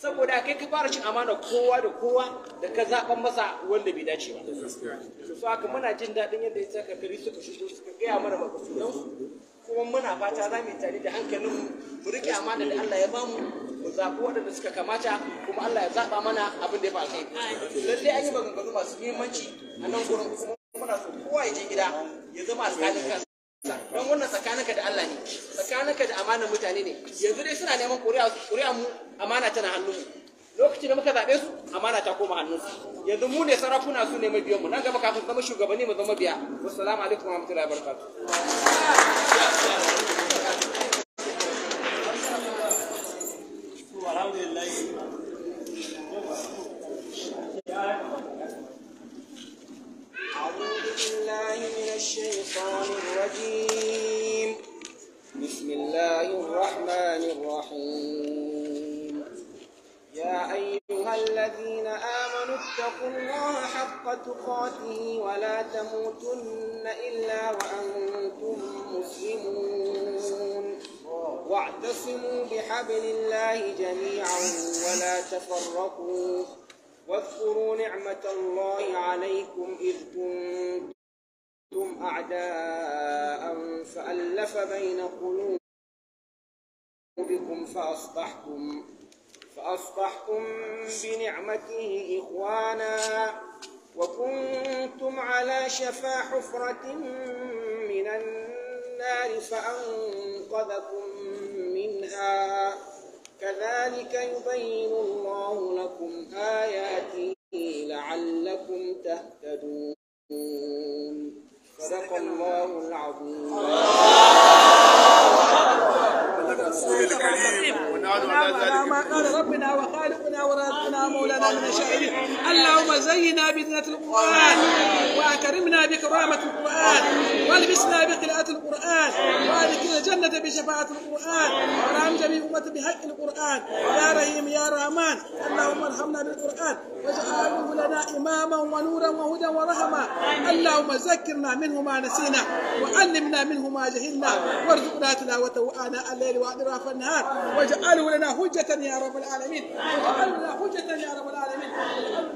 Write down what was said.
saboda kai ka fara cin amana kowa da kowa da ka zaɓan masa wanda bai dace ba su haka muna jin daɗin yadda ya saka gari suka shigo suka gaya mana ba su kuma muna fata za mu yi tare da hankalin mu rike amana da Allah ya bamu mu zaɓi waɗanda suka kamata kuma Allah ya zaɓa mana abin da ya faru lallai an yi maganganu masu muhimmanci a nan gurin kuma muna so kowa ya je gida ya zama a kansa don wannan tsakaninka da Allah ne tsakaninka da amanar mutane ne yanzu dai suna neman kuri'a mu amana tana hannun mu lokacin da muka zaɓe su amana ta koma hannun su yanzu mu ne sarakuna su ne mabiyan mu nan gaba kafin zama shugabanni mu zama biya wassalamu alaikum warahmatullahi wabarakatuh بالله من الشيطان الرجيم بسم الله الرحمن الرحيم يا أيها الذين آمنوا اتقوا الله حق تقاته ولا تموتن إلا وأنتم مسلمون واعتصموا بحبل الله جميعا ولا تفرقوا واذكروا نعمة الله عليكم إذ كنتم أعداء فألف بين قلوبكم فأصبحتم فأصبحتم بنعمته إخوانا وكنتم على شفا حفرة من النار فأنقذكم منها كذلك يبين صدق الله العظيم ربنا وخالقنا ورازقنا مولانا من شعره اللهم زينا بذنة القرآن وأكرمنا بكرامة القرآن والبسنا بقراءة القرآن وأدخلنا الجنة بشفاعة القرآن جميع أمتي بحق القرآن يا رحيم يا رحمن اللهم ارحمنا بالقرآن واجعله لنا إماما ونورا وهدى ورحمة اللهم ذكرنا منه ما نسينا وعلمنا منه ما جهلنا وارزقنا تلاوته آناء الليل وأطراف النهار واجعله لنا حجة يا رب العالمين واجعله لنا حجة يا رب العالمين